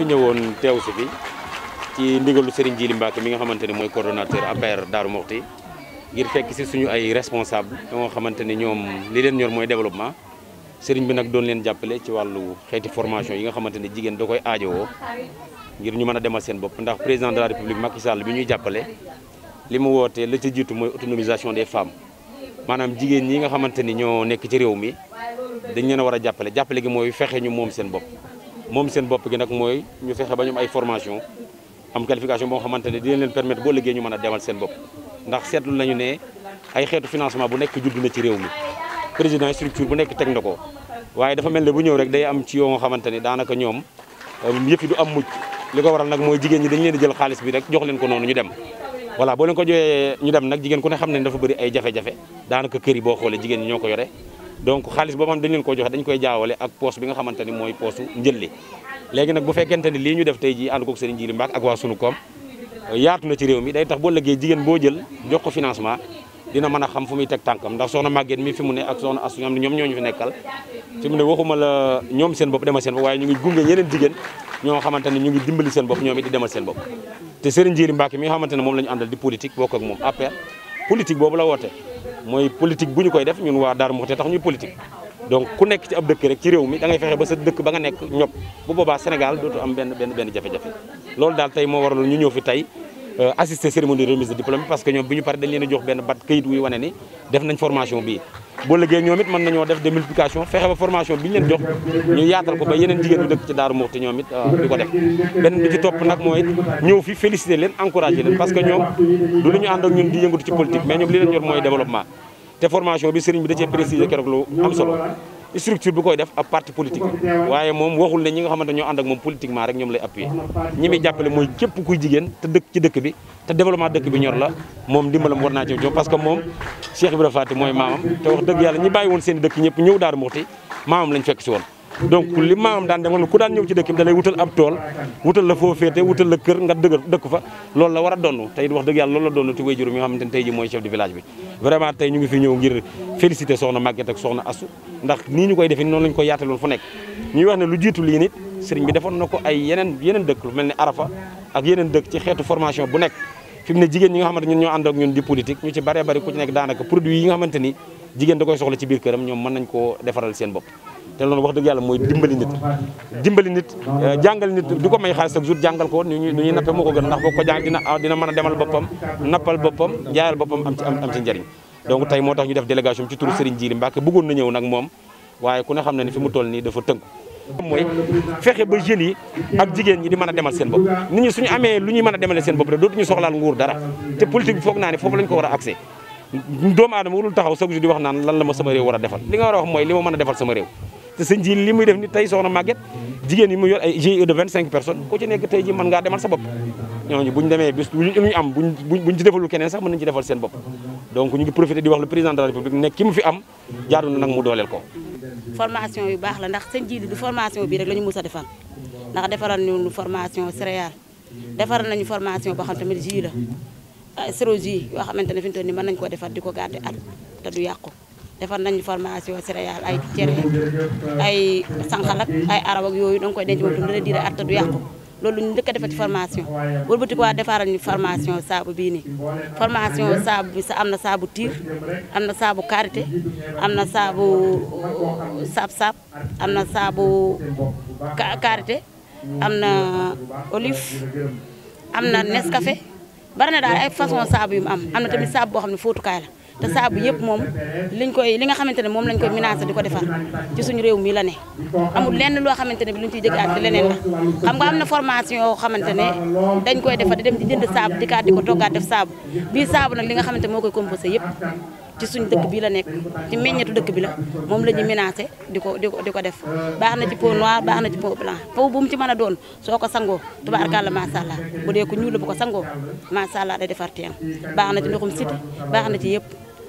fi ñëwoon teew si fi ci ndigalu Serigne Djili Mbacke mi nga xamante ne mooy coordonnateur APR Darou Mokhti ngir fekk si suñu ay responsable yoo xamante ne ñoom li leen ñor mooy développement Serigne bi nag doon leen jàppale ci wàllu xeeti formation yi nga xamante ne jigéen da koy aajowoo ngir ñu mën a demal seen bopp ndax président de la république Macky Sall bi ñuy jàppale li mu wootee la ca jiitu mooy autonomisation des femmes maanaam jigéen ñi nga xamante ni ñoo nekk ci réew mi dañ leen a war a ñu moom seen bopp. moom seen bopp gi nag mooy ñu fexe ba ñoom ay formation am qualification boo xamante ne dinañ leen permettre boo liggéey ñu mën a demal seen bopp ndax seetlu nañu ne ay xeetu financement bu nekk judd na ci réew mi président structure bu nekk teg na ko waaye dafa mel ne bu ñëw rek day am ci yoo nga xamante ni daanaka ñoom um, yëf yi du am mucc li ko waral nag mooy jigéen ñi dañu leen jël xaalis bi rek joxleen ko noonu ñu dem voilà boo leen ko joxee ñu dem nag jigéen ku ne xam ne dafa bëri ay jafe daanaka kër yi boo xoolee jigéen ñoo ko yore donc xaalis boobu xam dañ leen koo joxe dañ koy jaawale ak poos bi nga xamante ni mooy poosu njëlli léegi nag bu fekkente ni lii ñu def tey jii ànd kook Serigne Djily Mbacké ak waa sunu koom yaatu na mi day tax boo lëggee jigéen boo jël jox ko financement dina mën a xam muy teg tànkam ndax soxna Maguette mi fi mu ne ak soxna Astou ñoom ñoo ñu fi nekkal fi seen bopp demal seen waaye ñu ngi gunge yeneen jigéen ñoo xamante ne ñu ngi dimbali seen bopp ñoom it di demal seen bopp te Serigne Djily mi nga xamante ne moom la ñu àndal di politique bokk ak moom APR politique boobu la woote mooy politique bu ñu koy def ñun waa Darou Mouhty tax ñuy politique donc ku nekk ci ab dëkk rek ci réew mi da ngay fexe ba sa dëkk ba nga nekk ñopp bu boobaa Sénégal dootu am benn benn benn jafe-jafe loolu daal tey moo waraloon ñu ñëw fi tey euh, assister cérémonie de remise de diplôme parce que ñoom bi ñu pare dañ leen jox benn bat kayit wuy wane ni def nañ formation bi boo liggéey ñoom it mën nañoo def démultiplication fexe ba formation bi ñu leen jox ñu yaatal ko ba yeneen jigéen ñu dëkk ci Daaru Muxti ñoom it euh, di ko def benn bi ci topp nag mooy ñëw fi féliciter leen encourager leen parce que ñoom du lu ñu ànd ak ñun di yëngatu ci politique mais ñoom li leen ñor mooy développement te formation bi sëriñ bi da cee préciser keroog lu am solo structure bi koy def a parti politique waaye moom waxul ne ñi nga xamante ñoo ànd ak moom politiquement rek ñoom lay appuyer ñi muy jàppale mooy képp kuy jigéen te dëkk ci dëkk bi te développement dëkk bi ñor la moom ndimbalam war naa ci parce que moom Cheikh Ibrahima Faty mooy maamam te wax dëgg yàlla ñi bàyyi woon seen dëkk ñëpp ñëw Daaru Muxti maamam lañ fekk si woon donc li maam daan demoon ku daan ñëw ci dëkk bi da lay wutal ab tool wutal la foo féete wutal la kër nga dëgër dëkk fa loolu la war a te tey wax dëgg yàlla loolu la donn ci way juróom yi nga xamante ne tey ji mooy chef de village bi vraiment tey ñu koy defee noonu lañ ko yaataloon fu nekk ñuy wax ne lii nit sëriñ defoon na ko ay yeneen yeneen dëkk lu mel ne Arafa ak yeneen dëkk ci xeetu formation bu nekk fi mu nga xamante ñun ñoo ànd ak ñun di politique ñu ci bare bari ku ci nekk daanaka produit yi nga xamante jigéen da koy soxla ci biir këram ñoom mën nañ koo defaral seen bopp te loolu wax dëgg yàlla mooy dimbali nit dimbali nit euh, jàngal nit di ko may xaalis ak jour jàngal ko nu ñuy nu ñuy nappe moo ko gën ndax boo ko jàng ah, a demal boppam nappal boppam jaayal boppam am ci am ci njëriñ donc tey moo tax ñu def délégation ci turu Serigne Djily Mbacke bëggoon na ñëw nag moom waaye ku ne xam ne ne fi mu toll nii dafa tënku mooy fexe ba jeunes yi ak jigéen ñi di man a demal seen bopp nit ñi suñu amee lu ñuy mën a demale seen bopp rek ñu soxlaal nguur dara te politique foog naa ne foofu lañ ko war a accès doomu aadama warul taxaw chaque jour di wax naan lan la ma sama réew war a defal li nga war a wax mooy li ma mën a defal sama réew te sëñ ji muy def ni tey soxna Maguette jigéen yi mu yor ay GIE de 25 personne ku ci nekk tey ji mën ngaa demal sa bopp ñooñu buñ demee bis luñu am buñ buñ ci defalul keneen sax mën nañ ci defal seen bopp donc ñu ngi profité di wax le président de la république nekk ki mu fi am jaadu nag mu dooleel ko formation yu baax la ndax sëñ ji du formation bii rek la ñu mus a defal ndax defaral ñu formation céréale defaral nañu formation boo xam tamit ji e la ah, sero ji e, yoo xamante ne fi mu toll mën nañ ko defar di ko garder at defar nañ formation céréale ay cere ay sànqal ak ay araw yooyu danga koy denc moom dina diir at du yàqu loolu ñu njëkk a defal ci formation wëlbatiku waa defaral ñu formation saabu bii nii formation saabu bi sa am na saabu tiir am na saabu karité am na saabu saab-saab uh, am na saabu karité am na olive am na Nescafé bari na daal ay façon saabu yu mu am am na tamit saabu boo xam ne fóotukaay la te saabu yëpp moom liñ koy li nga xamante ne moom lañ koy menacé di ko defar ci suñu réew mi la ne amul lenn loo xamante ne bi luñ ciy jëg ak leneen la xam nga am na formation yoo xamante ne dañ koy defar di dem di jënd saabu di kaat di ko toggaat def saabu bii saabu nag li nga xamante moo koy composé yëpp ci suñ dëkk bi la nekk ci meññetu dëkk bi la moom la ñuy menacé di ko di di ko def baax na ci peau noire baax na ci peau blanc peau bu mu ci mën a doon soo ko sangoo tubaarkàlla macha allah bu dee ko ñuul bu ko sangoo macha allah day defar teem baax na ci ndoxum siti baax na ci yëpp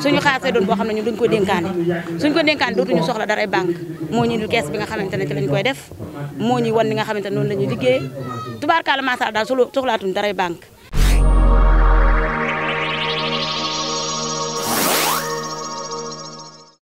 suñu xaalis lay doon boo xam ne ñun duñ ko dénkaane suñ ko dénkaane dootuñu soxla daray banque moo ñu lu kees bi nga xamante ne ci lañ koy def moo ñuy wan ni nga xamante ne noonu la ñuy liggéey tubaarkaala maasàllaa daal soxlaatuñ daray banque